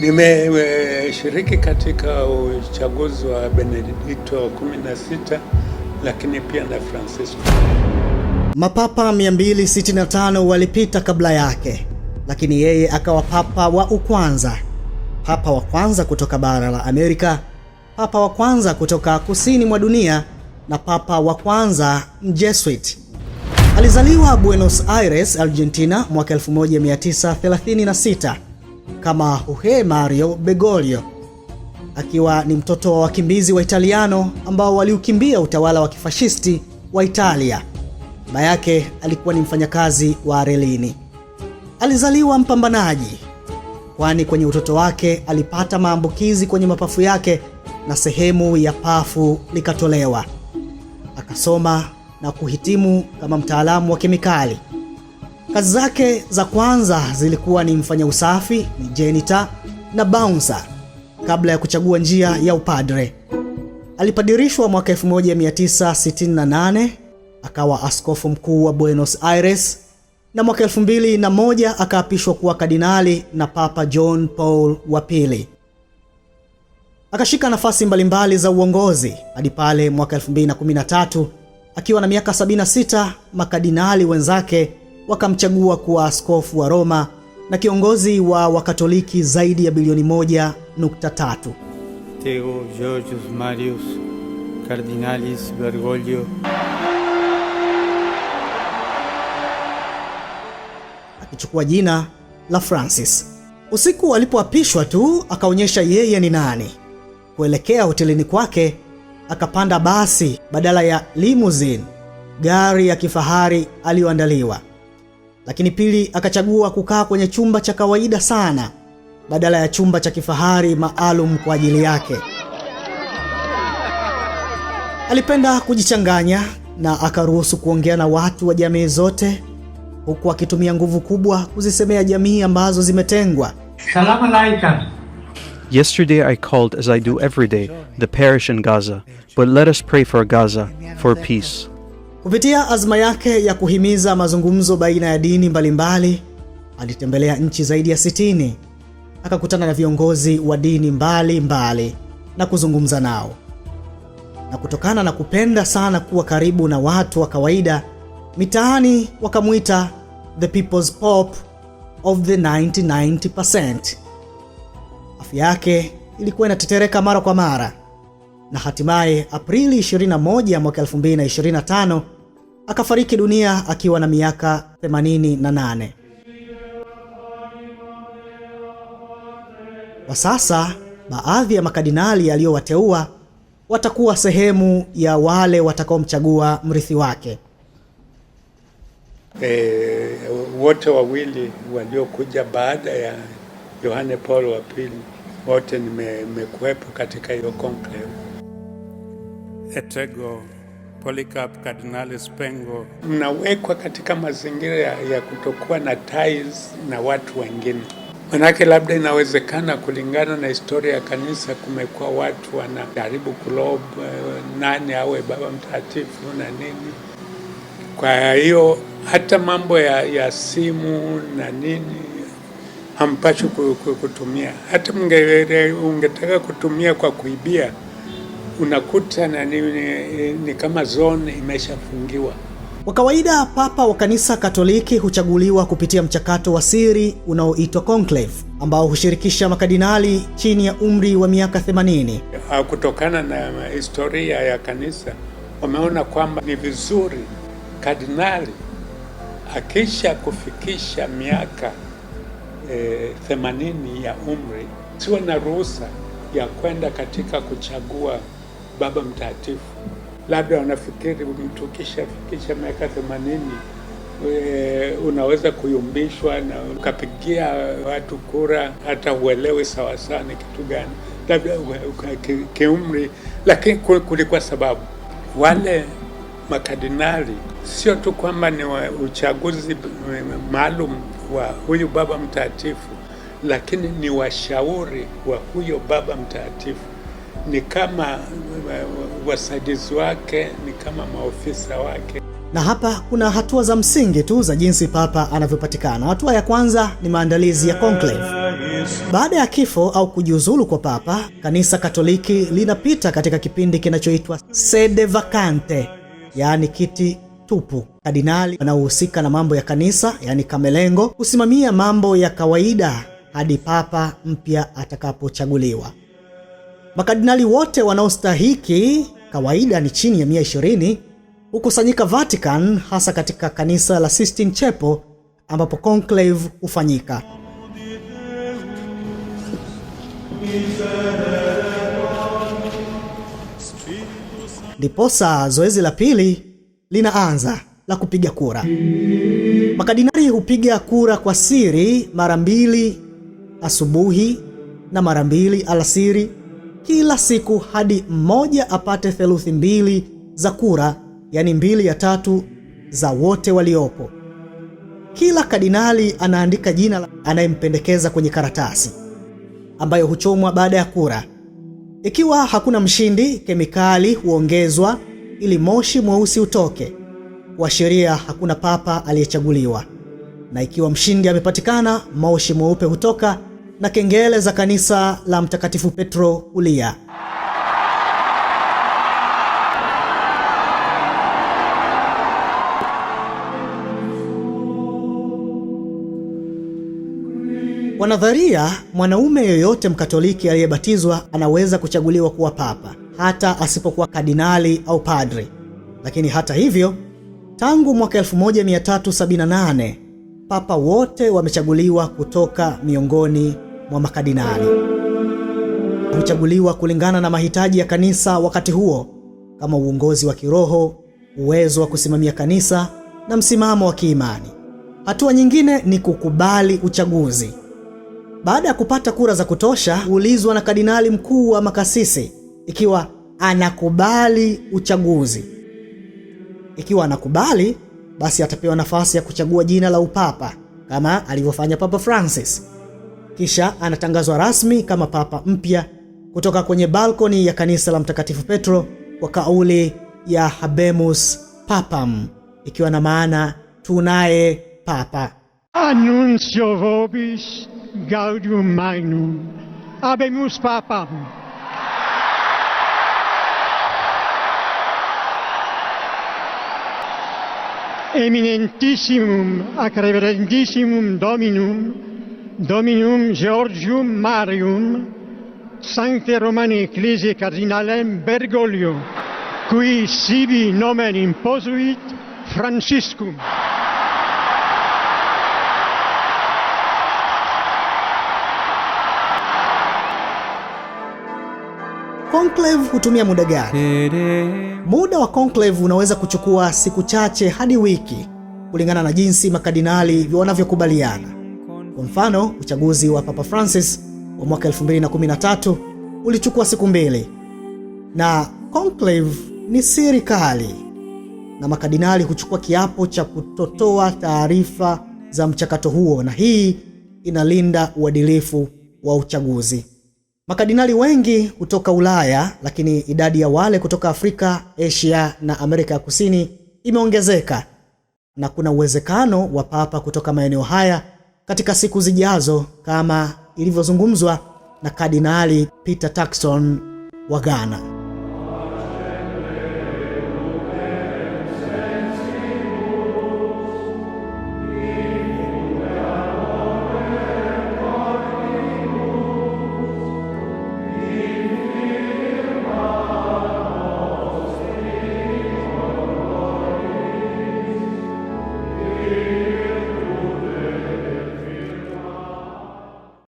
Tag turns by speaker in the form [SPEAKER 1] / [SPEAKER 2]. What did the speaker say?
[SPEAKER 1] Nimeshiriki katika uchaguzi wa Benedikto 16 lakini pia na Francisco.
[SPEAKER 2] Mapapa 265 walipita kabla yake, lakini yeye akawa papa wa kwanza, papa wa kwanza kutoka bara la Amerika, papa wa kwanza kutoka kusini mwa dunia na papa wa kwanza Mjesuit. Alizaliwa Buenos Aires, Argentina mwaka 1936 kama Jorge Mario Begoglio akiwa ni mtoto wa wakimbizi wa Italiano ambao waliukimbia utawala wa kifashisti wa Italia. Baba yake alikuwa ni mfanyakazi wa relini. Alizaliwa mpambanaji, kwani kwenye utoto wake alipata maambukizi kwenye mapafu yake na sehemu ya pafu likatolewa. Akasoma na kuhitimu kama mtaalamu wa kemikali. Kazi zake za kwanza zilikuwa ni mfanya usafi, ni janitor na bouncer kabla ya kuchagua njia ya upadre. Alipadirishwa mwaka 1968 akawa askofu mkuu wa Buenos Aires na mwaka 2001 akaapishwa kuwa kardinali na Papa John Paul wa pili. Akashika nafasi mbalimbali za uongozi hadi pale mwaka 2013 akiwa na miaka 76 makadinali wenzake wakamchagua kuwa askofu wa Roma na kiongozi wa Wakatoliki zaidi ya bilioni tatu.
[SPEAKER 1] Tego Georgius Marius Cardinalis Bergoglio
[SPEAKER 2] akichukua jina la Francis. Usiku alipoapishwa tu akaonyesha yeye ni nani. Kuelekea hotelini kwake akapanda basi badala ya limousine, gari ya kifahari aliyoandaliwa. Lakini pili, akachagua kukaa kwenye chumba cha kawaida sana badala ya chumba cha kifahari maalum kwa ajili yake. Alipenda kujichanganya na akaruhusu kuongea na watu wa jamii zote huku akitumia nguvu kubwa kuzisemea jamii ambazo zimetengwa.
[SPEAKER 3] Salamu alaikum.
[SPEAKER 4] Yesterday I called as I do every day the parish in Gaza, but let us pray for Gaza for peace.
[SPEAKER 2] Kupitia azma yake ya kuhimiza mazungumzo baina ya dini mbalimbali, alitembelea nchi zaidi ya sitini, akakutana na viongozi wa dini mbalimbali mbali, na kuzungumza nao. Na kutokana na kupenda sana kuwa karibu na watu wa kawaida mitaani, wakamwita the people's pope of the 99%. Afya yake ilikuwa inatetereka mara kwa mara na hatimaye Aprili 21 mwaka 2025 akafariki dunia akiwa na miaka 88. Kwa sasa baadhi ya makadinali aliyowateua watakuwa sehemu ya wale watakaomchagua mrithi wake.
[SPEAKER 1] E, wote wawili waliokuja baada ya Yohane Paulo wa pili wote nimekuwepo katika hiyo conclave. Etego Polycarp Kardinali Spengo. Mnawekwa katika mazingira ya kutokuwa na ties na watu wengine, manake labda inawezekana, kulingana na historia ya kanisa, kumekuwa watu wanajaribu kulob eh, nani awe baba mtakatifu na nini. Kwa hiyo hata mambo ya, ya simu na nini hampashi kutumia. Hata ungetaka kutumia kwa kuibia unakuta na ni, ni, ni kama zone imeshafungiwa.
[SPEAKER 2] Kwa kawaida papa wa kanisa Katoliki huchaguliwa kupitia mchakato wa siri unaoitwa conclave ambao hushirikisha makadinali chini ya umri wa miaka 80.
[SPEAKER 1] Ah, kutokana na historia ya kanisa, wameona kwamba ni vizuri kardinali akisha kufikisha miaka e, eh, 80 ya umri siwe na ruhusa ya kwenda katika kuchagua Baba Mtakatifu, labda wanafikiri ukishafikisha miaka themanini eh, unaweza kuyumbishwa na ukapigia watu kura hata uelewe sawasawa ni kitu gani labda kiumri. Lakini kulikuwa sababu wale makadinali sio tu kwamba ni wa uchaguzi maalum wa huyu Baba Mtakatifu, lakini ni washauri wa huyo Baba Mtakatifu ni kama uh, wasaidizi wake, ni kama maofisa wake.
[SPEAKER 2] Na hapa kuna hatua za msingi tu za jinsi papa anavyopatikana. Hatua ya kwanza ni maandalizi ya conclave. Baada ya kifo au kujiuzulu kwa papa, kanisa Katoliki linapita katika kipindi kinachoitwa sede vacante, yaani kiti tupu. Kardinali wanaohusika na mambo ya kanisa, yaani kamelengo, husimamia mambo ya kawaida hadi papa mpya atakapochaguliwa makadinali wote wanaostahiki kawaida ni chini ya 120 hukusanyika Vatican, hasa katika kanisa la Sistine Chapel ambapo conclave hufanyika. Ndiposa zoezi la pili linaanza la kupiga kura. makadinari hupiga kura kwa siri mara mbili asubuhi na mara mbili alasiri kila siku hadi mmoja apate theluthi mbili za kura, yaani mbili ya tatu za wote waliopo. Kila kardinali anaandika jina anayempendekeza kwenye karatasi ambayo huchomwa baada ya kura. Ikiwa hakuna mshindi, kemikali huongezwa ili moshi mweusi utoke kuashiria hakuna papa aliyechaguliwa, na ikiwa mshindi amepatikana, moshi mweupe hutoka na kengele za kanisa la Mtakatifu Petro kulia. Kwa nadharia, mwanaume yoyote Mkatoliki aliyebatizwa anaweza kuchaguliwa kuwa papa hata asipokuwa kardinali au padri. Lakini hata hivyo, tangu mwaka 1378 Papa wote wamechaguliwa kutoka miongoni mwa makadinali. Huchaguliwa kulingana na mahitaji ya kanisa wakati huo, kama uongozi wa kiroho, uwezo wa kusimamia kanisa na msimamo wa kiimani. Hatua nyingine ni kukubali uchaguzi. Baada ya kupata kura za kutosha, huulizwa na kadinali mkuu wa makasisi ikiwa anakubali uchaguzi. Ikiwa anakubali basi atapewa nafasi ya kuchagua jina la upapa kama alivyofanya Papa Francis. Kisha anatangazwa rasmi kama papa mpya kutoka kwenye balkoni ya kanisa la Mtakatifu Petro kwa kauli ya Habemus Papam, ikiwa na maana tunaye papa.
[SPEAKER 5] Annuncio vobis gaudium magnum habemus papam Eminentissimum ac reverendissimum Dominum, Dominum Georgium Marium, Sancte Romanae Ecclesiae Cardinalem Bergoglio, cui sibi nomen imposuit, Franciscum.
[SPEAKER 2] Conclave hutumia muda gani? Muda wa conclave unaweza kuchukua siku chache hadi wiki kulingana na jinsi makadinali wanavyokubaliana. Kwa mfano, uchaguzi wa Papa Francis wa mwaka 2013 ulichukua siku mbili, na conclave ni siri kali, na makadinali huchukua kiapo cha kutotoa taarifa za mchakato huo, na hii inalinda uadilifu wa uchaguzi makadinali wengi kutoka Ulaya, lakini idadi ya wale kutoka Afrika, Asia na Amerika ya Kusini imeongezeka na kuna uwezekano wa papa kutoka maeneo haya katika siku zijazo, kama ilivyozungumzwa na Kardinali Peter Turkson wa Ghana.